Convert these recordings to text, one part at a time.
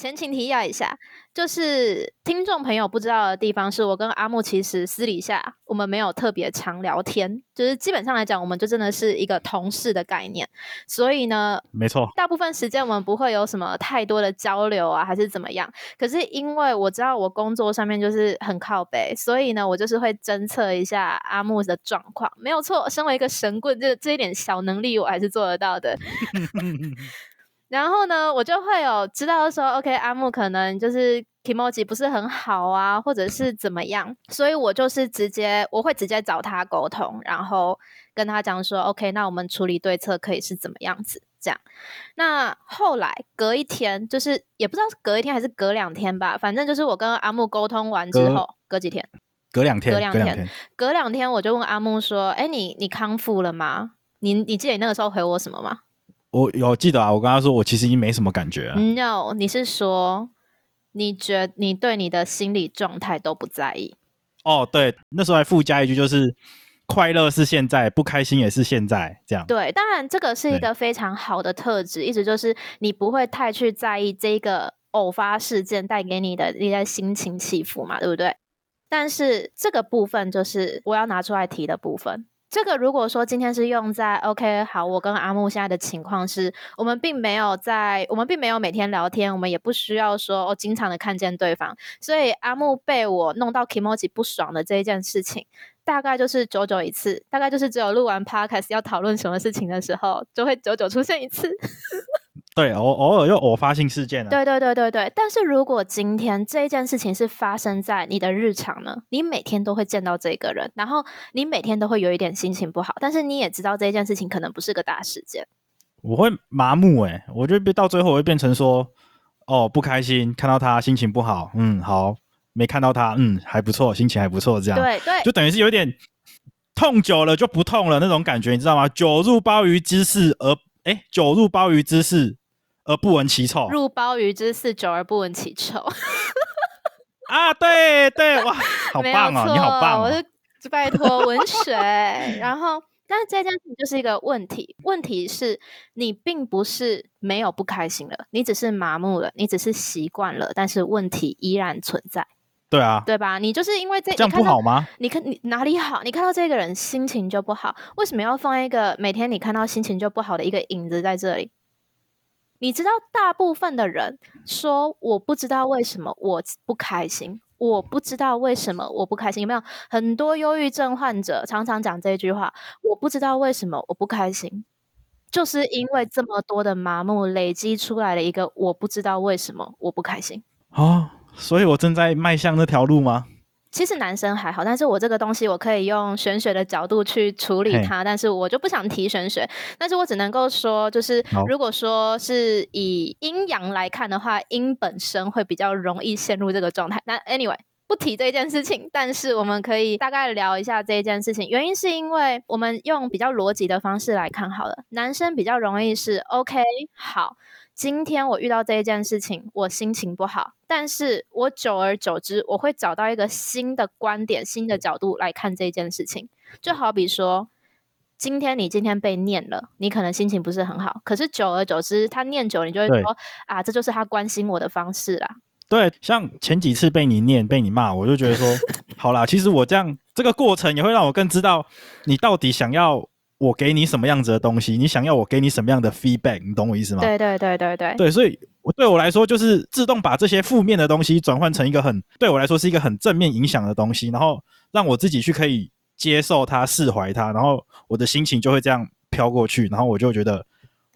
前情提要一下，就是聽眾朋友不知道的地方是，我跟阿木其實私底下我們沒有特別常聊天，就是基本上來講，我們就真的是一個同事的概念，所以呢，沒錯錯，大部分時間我們不會有什麼太多的交流啊，還是怎麼樣。可是因為我知道我工作上面就是很靠北，所以呢，我就是會偵測一下阿木的狀況，沒有錯，身為一個神棍，就這一點小能力我還是做得到的。 然後呢，我就會有知道說，OK，阿木可能就是 kimochi 不是很好啊，或者是怎麼樣，所以我就是直接我會直接找他溝通，然後跟他講說，OK，那我們處理對策可以是怎麼樣子這樣。那後來隔一天，就是也不知道是隔一天還是隔兩天吧，反正就是我跟阿木溝通完之後，隔，隔幾天，隔兩天，隔兩天，隔兩天，兩天兩天，我就問阿木說，哎，你你康復了嗎？你你記得你那個時候回我什麼嗎？我有記得啊，我跟他說，我其實已經沒什麼感覺了。No，你是說你覺你對你的心理狀態都不在意？哦，oh，對，那時候還附加一句，就是快樂是現在，不開心也是現在，這樣。對，當然這個是一個非常好的特質，一直對就是你不會太去在意這個偶發事件帶給你的那些心情起伏嘛，對不對？但是這個部分就是我要拿出來提的部分。這個如果說今天是用在 OK 好，我跟阿木現在的情況是我們並沒有在，我們並沒有每天聊天，我們也不需要說我、哦、經常的看見對方，所以阿木被我弄到 kimochi 不爽的這一件事情，大概就是久久一次，大概就是只有錄完 podcast 要討論什麼事情的時候，就會久久出現一次。 對，偶偶爾又偶發性事件了。對對對對對，但是如果今天這一件事情是發生在你的日常呢？你每天都會見到這個人，然後你每天都會有一點心情不好，但是你也知道這一件事情可能不是個大事件。我會麻木哎、欸，我覺得到最後我會變成說，哦，不開心，看到他心情不好，嗯，好，沒看到他，嗯，還不錯，心情還不錯，這樣。對對，對就等於是有點痛久了就不痛了那種感覺，你知道嗎？久入鮑魚之肆而哎，久、欸、入鮑魚之肆。而不聞其臭，入鮑魚之肆，久而不聞其臭。 啊，對對，哇，好棒哦！你好棒哦，我就拜託文水 然後，但是這件事情就是一個問題。問題是，你並不是沒有不開心了，你只是麻木了，你只是習慣了，但是問題依然存在。對啊，對吧？你就是因為這這樣，你看到不好嗎？你看你哪裡好？你看到這個人心情就不好，為什麼要放一個每天你看到心情就不好的一個影子在這裡？你知道，大部分的人說：“我不知道為什麼我不開心。”我不知道為什麼我不開心。有沒有很多憂鬱症患者常常講這句話：“我不知道為什麼我不開心。”就是因為這麼多的麻木累積出來的一個“我不知道為什麼我不開心”啊！哦，所以我正在邁向那條路嗎？其實男生還好，但是我這個東西，我可以用玄學的角度去處理它，嘿但是我就不想提玄學，但是我只能夠說，就是好如果說是以陰陽來看的話，陰本身會比較容易陷入這個狀態。那 anyway。不提這件事情，但是我們可以大概聊一下這件事情。原因是因為我們用比較邏輯的方式來看好了，男生比較容易是 OK 好。今天我遇到這一件事情，我心情不好，但是我久而久之，我會找到一個新的觀點、新的角度來看這件事情。就好比說，今天你今天被念了，你可能心情不是很好，可是久而久之，他念久了，你就會說對啊，這就是他關心我的方式啦。對，像前幾次被你念、被你罵，我就覺得說， 好啦，其實我這樣這個過程也會讓我更知道你到底想要我給你什麼樣子的東西，你想要我給你什麼樣的 feedback，你懂我意思嗎？對對對對對，對。所以對我來說，就是自動把這些負面的東西轉換成一個很對我來說是一個很正面影響的東西，然後讓我自己去可以接受它、釋懷它，然後我的心情就會這樣飄過去，然後我就覺得。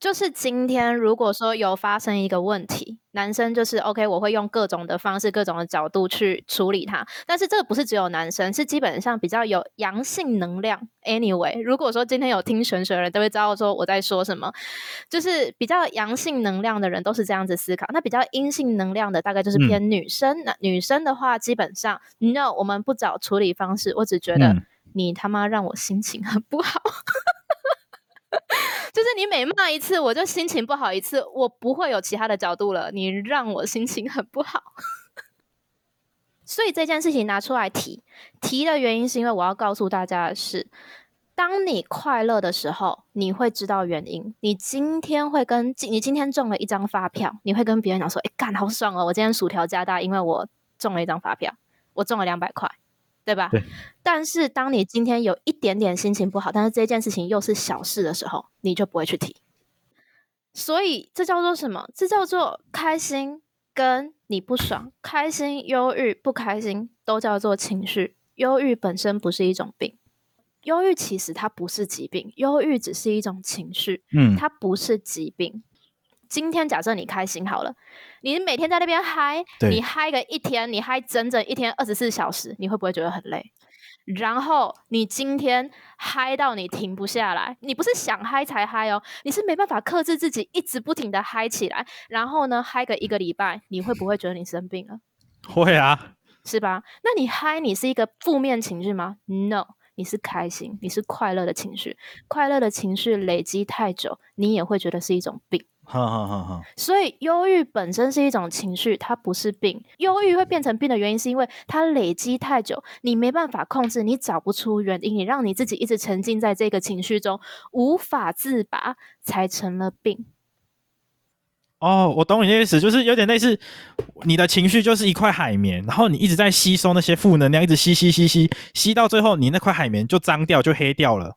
就是今天，如果說有發生一個問題，男生就是 OK，我會用各種的方式、各種的角度去處理它。但是這個不是只有男生，是基本上比較有陽性能量。Anyway，如果說今天有聽玄學的人都會知道說我在說什麼，就是比較陽性能量的人都是這樣子思考。那比較陰性能量的大概就是偏女生。那、嗯、女生的話，基本上 No，我們不找處理方式，我只覺得你他媽讓我心情很不好。嗯 是你每罵一次，我就心情不好一次。我不會有其他的角度了。你讓我心情很不好， 所以這件事情拿出來提提的原因，是因為我要告訴大家的是：當你快樂的時候，你會知道原因。你今天會跟你今天中了一張發票，你會跟別人講說：“哎、欸，幹好爽哦、喔！我今天薯條加大，因為我中了一張發票，我中了兩百塊。”對吧？對。但是當你今天有一點點心情不好，但是這件事情又是小事的時候，你就不會去提。所以這叫做什麼？這叫做開心跟你不爽，開心、憂鬱、不開心都叫做情緒。憂鬱本身不是一種病，憂鬱其實它不是疾病，憂鬱只是一種情緒，它不是疾病。嗯。今天假設你開心好了，你每天在那邊嗨，對你嗨個一天，你嗨整整一天二十四小時，你會不會覺得很累？然後你今天嗨到你停不下來，你不是想嗨才嗨哦，你是沒辦法克制自己，一直不停的嗨起來。然後呢，嗨個一個禮拜，你會不會覺得你生病了？會啊，是吧？那你嗨，你是一個負面情緒嗎？No。你是開心，你是快樂的情緒，快樂的情緒累積太久，你也會覺得是一種病。呵呵呵。所以，憂鬱本身是一種情緒，它不是病。憂鬱會變成病的原因，是因為它累積太久，你沒辦法控制，你找不出原因，你讓你自己一直沉浸在這個情緒中，無法自拔，才成了病。哦，我懂你的意思，就是有點類似，你的情緒就是一塊海綿，然後你一直在吸收那些負能量，一直吸吸吸吸，吸到最後你那塊海綿就髒掉，就黑掉了。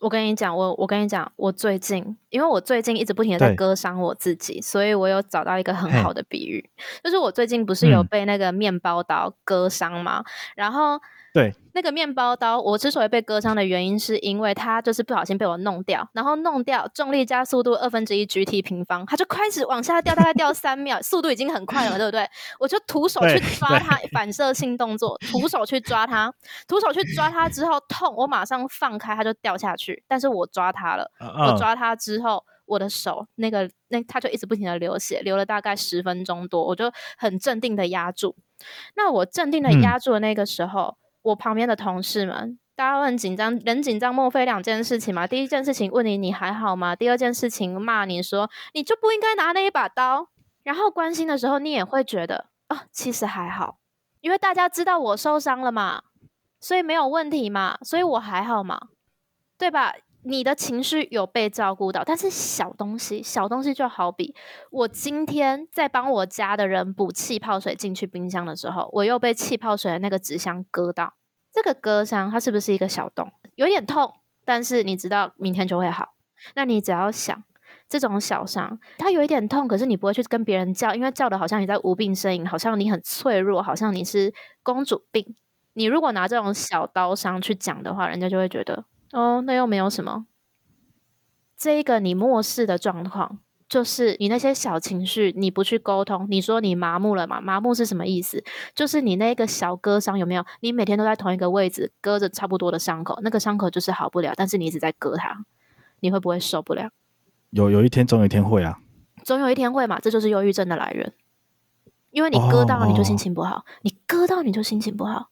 我跟你講，我我跟你講，我最近因為我最近一直不停地在割傷我自己，對所以我有找到一個很好的比喻，嘿就是我最近不是有被那個麵包刀割傷嗎？嗯、然後。對，那個麵包刀，我之所以被割傷的原因，是因為它就是不小心被我弄掉，然後弄掉，重力加速度二分之一 gt 平方，它就開始往下掉，大概掉三秒， 速度已經很快了，對不對？我就徒手去抓它，反射性動作，徒手去抓它，徒手去抓它之後痛，我馬上放開，它就掉下去。但是我抓它了，我抓它之後，我的手那個那，它就一直不停的流血，流了大概十分鐘多，我就很鎮定的壓住。那我鎮定的壓住的那個時候。嗯我旁邊的同事們，大家都很緊張，人緊張莫非兩件事情嘛？第一件事情問你，你還好嗎？第二件事情罵你說，你就不應該拿那一把刀。然後關心的時候，你也會覺得啊、哦，其實還好，因為大家知道我受傷了嘛，所以沒有問題嘛，所以我還好嘛，對吧？你的情緒有被照顧到，但是小東西，小東西就好比我今天在幫我家的人補氣泡水進去冰箱的時候，我又被氣泡水的那個紙箱割到，這個割傷它是不是一個小洞？有點痛，但是你知道明天就會好。那你只要想，這種小傷它有一點痛，可是你不會去跟別人叫，因為叫得好像你在無病呻吟，好像你很脆弱，好像你是公主病。你如果拿這種小刀傷去講的話，人家就會覺得哦，那又沒有什麼。這一個你漠視的狀況，就是你那些小情緒，你不去溝通。你說你麻木了嘛？麻木是什麼意思？就是你那一個小割傷有沒有？你每天都在同一個位置割着差不多的傷口，那個傷口就是好不了，但是你一直在割它，你會不會受不了？有，有一天總有一天會啊。總有一天會嘛？這就是憂鬱症的來源，因為你割到了你就心情不好，哦哦哦你割到你就心情不好，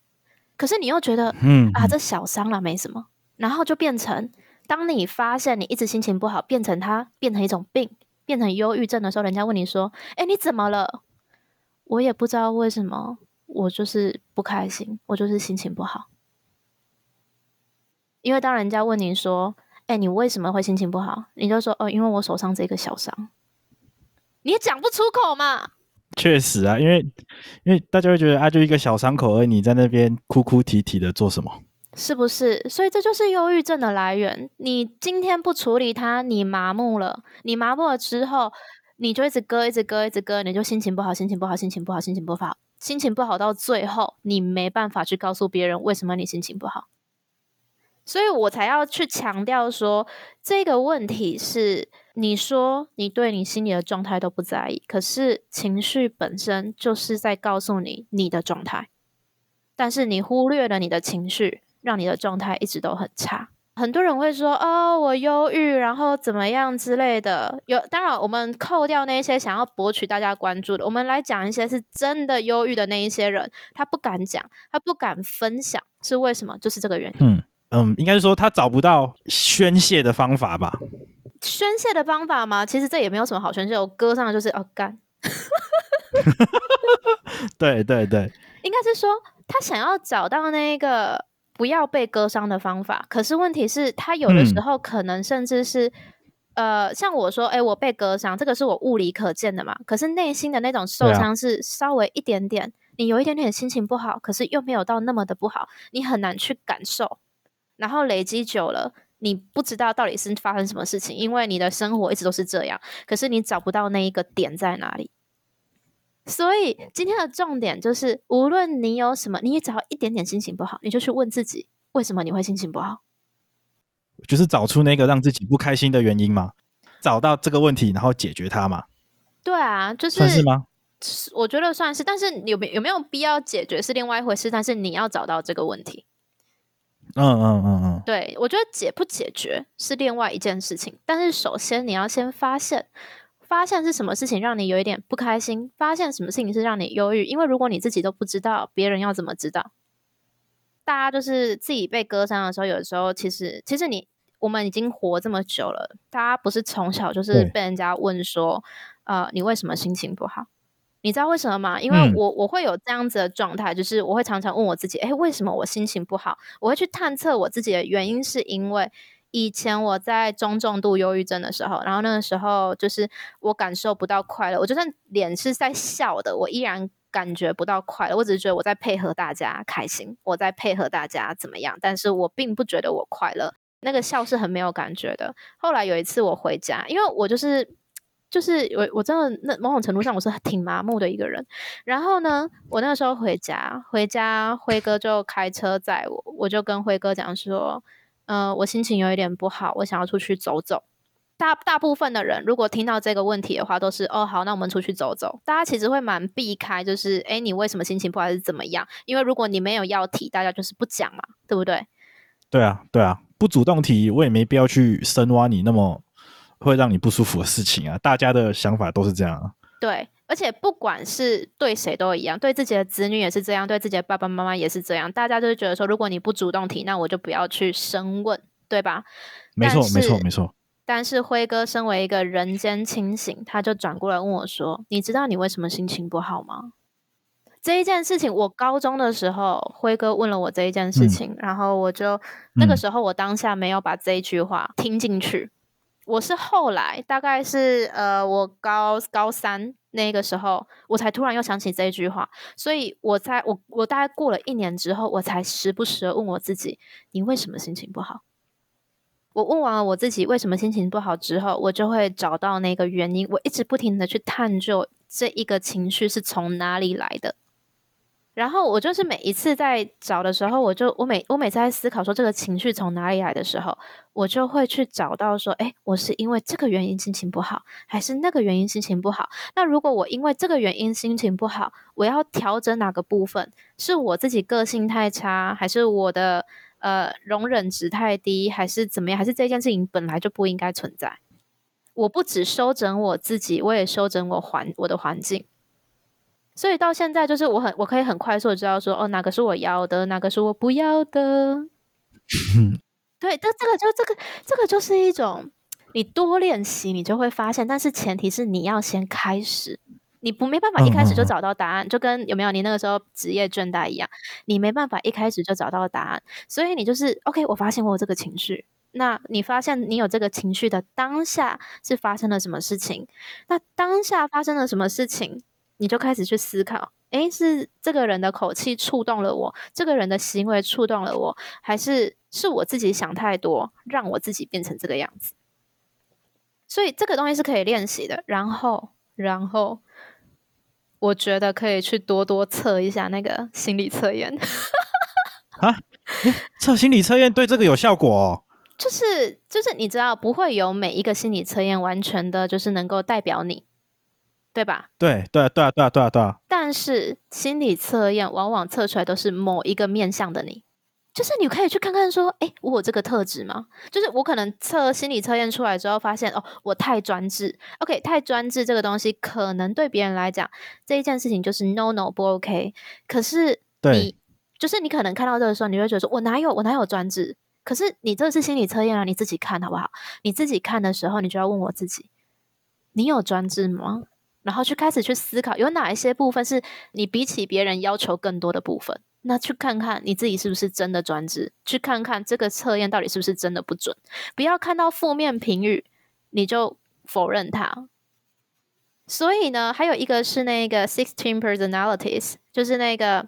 可是你又覺得，嗯啊，這小傷了沒什麼。然後就變成，當你發現你一直心情不好，變成他，變成一種病，變成憂鬱症的時候，人家問你說：“哎，你怎麼了？”我也不知道為什麼，我就是不開心，我就是心情不好。因為當人家問你說：“哎，你為什麼會心情不好？”你就說：“哦、呃，因為我手上這一個小傷。”你也講不出口嘛。確實啊，因為因為大家會覺得啊，就一個小傷口而已，你在那邊哭哭啼啼啼的做什麼？是不是？所以這就是憂鬱症的來源。你今天不處理它，你麻木了。你麻木了之後，你就一直割，一直割，一直割，你就心情不好，心情不好，心情不好，心情不好，心情不好，到最後你沒辦法去告訴別人為什麼你心情不好。所以我才要去強調說，這個問題是你說你對你心理的狀態都不在意，可是情緒本身就是在告訴你你的狀態，但是你忽略了你的情緒。讓你的狀態一直都很差。很多人會說：“哦，我憂鬱，然後怎麼樣之類的。有”有當然，我們扣掉那些想要博取大家關注的，我們來講一些是真的憂鬱的那一些人，他不敢講，他不敢分享，是為什麼？就是這個原因。嗯，嗯，應該是說他找不到宣洩的方法吧？宣洩的方法嗎？其實這也沒有什麼好宣洩，我割傷的就是哦，幹。對 對 對，對對，應該是說他想要找到那一個。不要被割傷的方法。可是問題是他有的時候可能甚至是，嗯、呃，像我說，哎、欸，我被割傷，這個是我物理可見的嘛？可是內心的那種受傷是稍微一點點，你有一點點心情不好，可是又沒有到那麼的不好，你很難去感受。然後累積久了，你不知道到底是發生什麼事情，因為你的生活一直都是這樣，可是你找不到那一個點在哪裡。所以今天的重點就是，無論你有什麼，你只要一點點心情不好，你就去問自己，為什麼你會心情不好？就是找出那個讓自己不開心的原因嗎？找到這個問題，然後解決它嗎？對啊，就是算是嗎？是，我覺得算是，但是有沒有、沒有必要解決是另外一回事。但是你要找到這個問題。嗯嗯嗯嗯。嗯嗯嗯，對，我覺得解不解決是另外一件事情，但是首先你要先發現。發現是什麼事情讓你有一點不開心？發現什麼事情是讓你憂鬱？因為如果你自己都不知道，別人要怎麼知道？大家就是自己被割傷的時候，有的時候其實，其實你我們已經活這麼久了，大家不是從小就是被人家問說，對呃，你為什麼心情不好？你知道為什麼嗎？因為我我會有這樣子的狀態，嗯、就是我會常常問我自己，誒，為什麼我心情不好？我會去探測我自己的原因，是因為。以前我在中重度憂鬱症的時候，然後那個時候就是我感受不到快樂，我就算臉是在笑的，我依然感覺不到快樂。我只是覺得我在配合大家開心，我在配合大家怎麼樣，但是我並不覺得我快樂。那個笑是很沒有感覺的。後來有一次我回家，因為我就是就是我我真的那某種程度上我是挺麻木的一個人。然後呢，我那個時候回家，回家輝哥就開車載我，我就跟輝哥講說。嗯，我心情有一點不好，我想要出去走走。大大部分的人如果聽到這個問題的話，都是哦，好，那我們出去走走。大家其實會蠻避開，就是欸，你為什麼心情不好是怎麼樣？因為如果你沒有要提，大家就是不講嘛，對不對？對啊，對啊，不主動提，我也沒必要去深挖你那麼會讓你不舒服的事情啊。大家的想法都是這樣啊。對。而且不管是對誰都一樣，對自己的子女也是這樣，對自己的爸爸媽媽也是這樣。大家就是覺得說，如果你不主動提，那我就不要去深問，對吧？沒錯，是沒錯，沒錯，沒錯。但是輝哥身為一個人間清醒，他就轉過來問我說：“你知道你為什麼心情不好嗎？”這一件事情，我高中的時候，輝哥問了我這一件事情，嗯、然後我就、嗯、那個時候我當下沒有把這一句話聽進去。我是後來，大概是呃，我高高三那個時候，我才突然又想起這句話，所以我在我我大概過了一年之後，我才時不時的問我自己，你為什麼心情不好？我問完了我自己為什麼心情不好之後，我就會找到那個原因，我一直不停的去探究這一個情緒是從哪裡來的。然後我就是每一次在找的時候，我就我每我每次在思考說這個情緒從哪裡來的時候，我就會去找到說，哎，我是因為這個原因心情不好，還是那個原因心情不好？那如果我因為這個原因心情不好，我要調整哪個部分？是我自己個性太差，還是我的呃容忍值太低，還是怎麼樣？還是這件事情本來就不應該存在？我不只收整我自己，我也收整我環我的環境。所以到現在，就是我很我可以很快速的知道說，哦，哪個是我要的，哪個是我不要的。 對，但這個就這個這個就是一種，你多練習，你就會發現。但是前提是你要先開始，你不沒辦法一開始就找到答案，嗯嗯就跟有沒有你那個時候職業倦怠一樣，你沒辦法一開始就找到答案。所以你就是 OK，我發現我有這個情緒。那你發現你有這個情緒的當下是發生了什麼事情？那當下發生了什麼事情？你就開始去思考，誒，是這個人的口氣觸動了我，這個人的行為觸動了我，還是是我自己想太多，讓我自己變成這個樣子？所以這個東西是可以練習的。然後，然後，我覺得可以去多多測一下那個心理測驗。測， 啊，心理測驗對這個有效果，哦？就是，就是你知道，不會有每一個心理測驗完全的，就是能夠代表你。對吧？對對、啊、對、啊、對、啊、對對、啊。但是心理測驗往往測出來都是某一個面向的你，就是你可以去看看說，哎，我有這個特質嗎？就是我可能測心理測驗出來之後，發現，哦，我太專制。OK，太專制這個東西，可能對別人來講，這一件事情就是 No No 不 OK。可是你對就是你可能看到這個時候，你會覺得說我哪有我哪有專制？可是你這是心理測驗啊，你自己看好不好？你自己看的時候，你就要問我自己，你有專制嗎？然後去開始去思考，有哪一些部分是你比起別人要求更多的部分？那去看看你自己是不是真的專制？去看看這個測驗到底是不是真的不準？不要看到負面評語你就否認它。所以呢，還有一個是那個 Sixteen Personalities，就是那個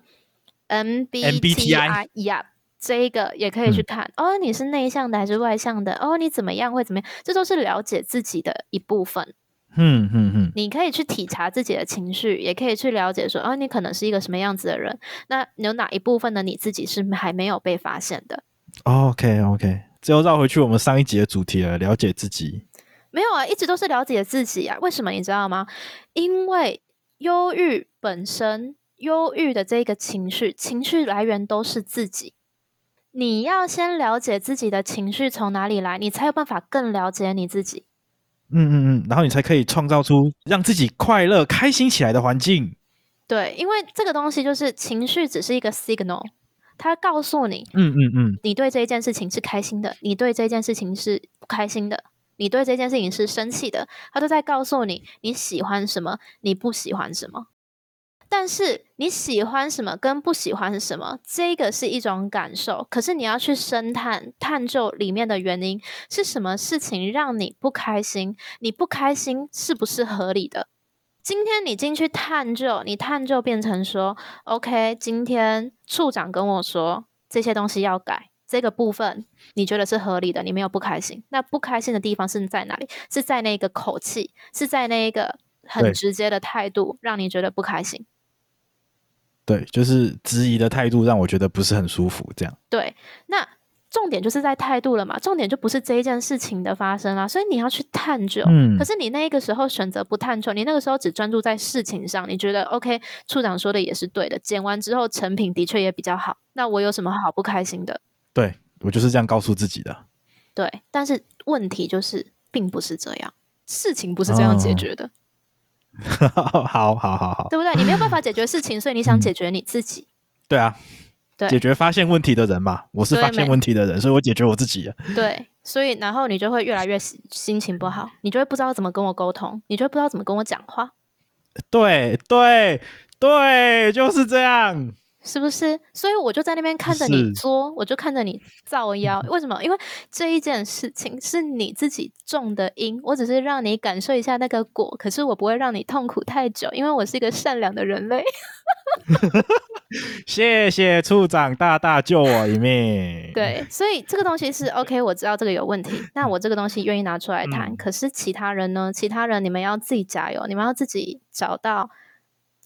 MBTI，呀 MBTI，Yep, 這一個也可以去看。嗯、哦，你是內向的還是外向的？哦，你怎麼樣會怎麼樣？這都是了解自己的一部分。嗯嗯嗯，嗯嗯你可以去體察自己的情緒，也可以去了解說，哦、啊，你可能是一個什麼樣子的人。那有哪一部分的你自己是還沒有被發現的？OK OK，最後繞回去我們上一集的主題了，了解自己。沒有啊，一直都是了解自己啊。為什麼你知道嗎？因為憂鬱本身，憂鬱的這個情緒，情緒來源都是自己。你要先了解自己的情緒從哪裡來，你才有辦法更了解你自己。嗯嗯嗯，然後你才可以創造出讓自己快樂、開心起來的環境。對，因為這個東西就是情緒，只是一個 signal，它告訴你，嗯嗯嗯，嗯嗯你對這一件事情是開心的，你對這件事情是不開心的，你對這件事情是生氣的，它都在告訴你你喜歡什麼，你不喜歡什麼。但是你喜歡什麼跟不喜歡什麼？這個是一種感受。可是你要去深探探究裡面的原因是什麼事情讓你不開心？你不開心是不是合理的？今天你進去探究，你探究變成說，OK，今天處長跟我說這些東西要改，這個部分你覺得是合理的，你沒有不開心。那不開心的地方是在哪裡？是在那個口氣，是在那一個很直接的態度，對讓你覺得不開心。對，就是質疑的態度讓我覺得不是很舒服。這樣，對，那重點就是在態度了嘛，重點就不是這一件事情的發生啦。所以你要去探究，嗯，可是你那個時候選擇不探究，你那個時候只專注在事情上，你覺得 OK，處長說的也是對的，剪完之後成品的確也比較好。那我有什麼好不開心的？對，我就是這樣告訴自己的。對，但是問題就是並不是這樣，事情不是這樣解決的。哦好好好好，好好好好對不對？你沒有辦法解決事情， 所以你想解決你自己。對啊，對，解決發現問題的人嘛，我是發現問題的人，沒所以我解決我自己。對，所以然後你就會越來越心情不好，你就會不知道怎麼跟我溝通，你就會不知道怎麼跟我講話。對對對，就是這樣。是不是？所以我就在那邊看着你作，是我就看着你造謠。為什麼？因為這一件事情是你自己種的因，我只是讓你感受一下那個果。可是我不會讓你痛苦太久，因為我是一個善良的人類。 謝謝處長大大救我一命。對，所以這個東西是 OK，我知道這個有問題，那我這個東西願意拿出來談。嗯、可是其他人呢？其他人你們要自己加油，你們要自己找到。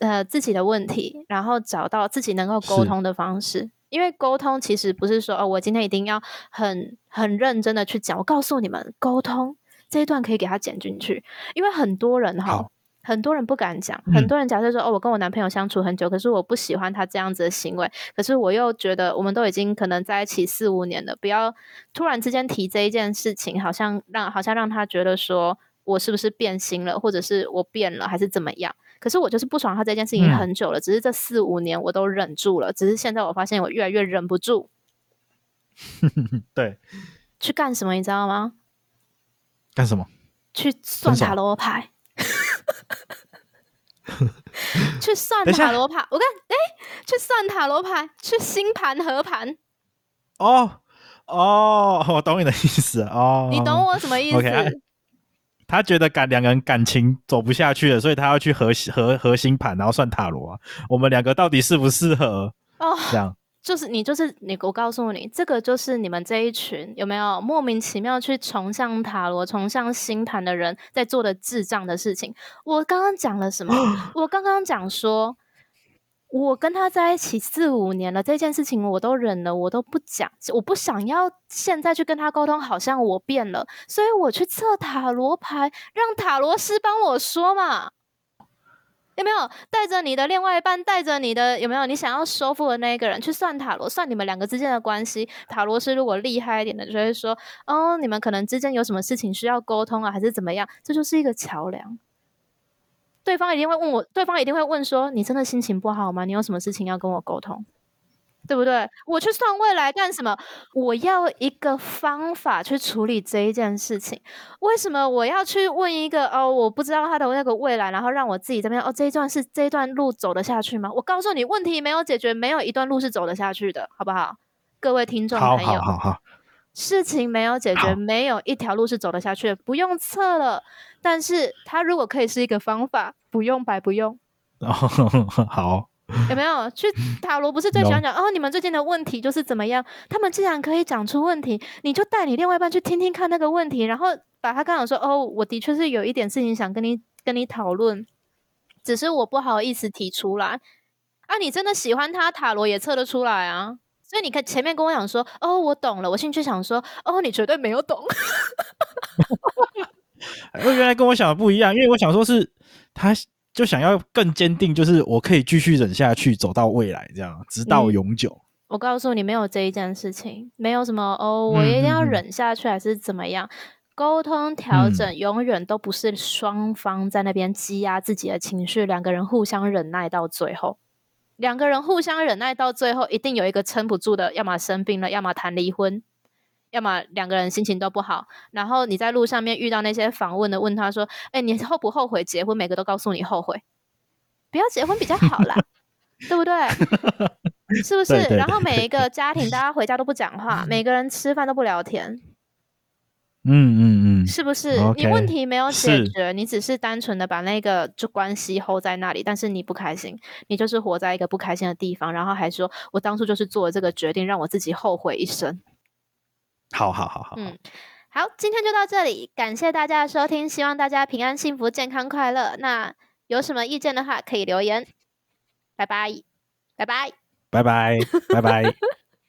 呃，自己的問題，然後找到自己能夠溝通的方式，是因為溝通其實不是說哦，我今天一定要很很認真的去講。我告訴你們，溝通這一段可以給他剪進去，因為很多人哈，好很多人不敢講，嗯、很多人假設說哦，我跟我男朋友相處很久，可是我不喜歡他這樣子的行為，可是我又覺得我們都已經可能在一起四五年了，不要突然之間提這一件事情，好像讓好像讓他覺得說我是不是變心了，或者是我變了，還是怎麼樣？可是我就是不爽他這件事情很久了，嗯、只是這四五年我都忍住了，只是現在我發現我越來越忍不住。呵呵對，去幹什麼你知道嗎？幹什麼去，欸，去算塔羅牌。去算塔羅牌，我看哎，去算塔羅牌，去星盤、合盤、哦。哦哦，我懂你的意思哦。你懂我什麼意思？ okay, 他覺得感兩個人感情走不下去了，所以他要去合合合星盤，然後算塔羅啊，我們兩個到底適不適合？哦，oh, 這樣就是你就是你，我告訴你，這個就是你們這一群有沒有莫名其妙去崇尚塔羅、崇尚星盤的人在做的智障的事情。我剛剛講了什麼？ 我剛剛講說。我跟他在一起四五年了，這件事情我都忍了，我都不講，我不想要現在去跟他溝通，好像我變了，所以我去測塔羅牌，讓塔羅師幫我說嘛。有沒有帶着你的另外一半，帶着你的有沒有你想要收復的那一個人去算塔羅，算你們兩個之間的關係？塔羅師如果厲害一點的，就會說哦，你們可能之間有什麼事情需要溝通啊，還是怎麼樣？這就是一個橋梁。對方一定會問我，對方一定會問說：“你真的心情不好嗎？你有什麼事情要跟我溝通，對不對？我去算未來幹什麼？我要一個方法去處理這一件事情。為什麼我要去問一個哦？我不知道他的那個未來，然後讓我自己這邊哦，這一段是這一段路走得下去嗎？我告訴你，問題沒有解決，沒有一段路是走得下去的，好不好？各位聽眾朋友，好好好，好好好，事情沒有解決，好沒有一條路是走得下去的，不用測了。但是，它如果可以是一個方法。不用，白不用。Oh, 好，有沒有去塔羅？不是最喜歡講哦？你們最近的問題就是怎麼樣？他們既然可以講出問題，你就帶你另外一半去聽聽看那個問題，然後把他剛剛說哦，我的確是有一點事情想跟你跟你討論，只是我不好意思提出來啊。你真的喜歡他，塔羅也測得出來啊。所以你看前面跟我講說哦，我懂了。我心裡想說哦，你絕對沒有懂。 我原來跟我想的不一樣，因為我想說是。他就想要更堅定，就是我可以繼續忍下去，走到未來這樣，直到永久。嗯、我告訴你，沒有這一件事情，沒有什麼哦，我一定要忍下去，嗯、還是怎麼樣？溝通調整、嗯、永遠都不是雙方在那邊積壓自己的情緒，兩個人互相忍耐到最後，兩個人互相忍耐到最後，一定有一個撐不住的，要麼生病了，要麼談離婚。要麼兩個人心情都不好，然後你在路上面遇到那些訪問的，問他說：“哎，你後不後悔結婚？”每個都告訴你後悔，不要結婚比較好啦， 對不對？ 是不是？ 對對對對。然後每一個家庭，大家回家都不講話， 每個人吃飯都不聊天。嗯嗯嗯，是不是？Okay. 你問題沒有解決，是你只是單純的把那個就關係 hold 在那裡，但是你不開心，你就是活在一個不開心的地方，然後還說我當初就是做了這個決定，讓我自己後悔一生。好好好好，嗯，好，今天就到這裡，感謝大家的收聽，希望大家平安、幸福、健康、快樂。那有什麼意見的話，可以留言。拜拜，拜拜，拜拜， 拜拜。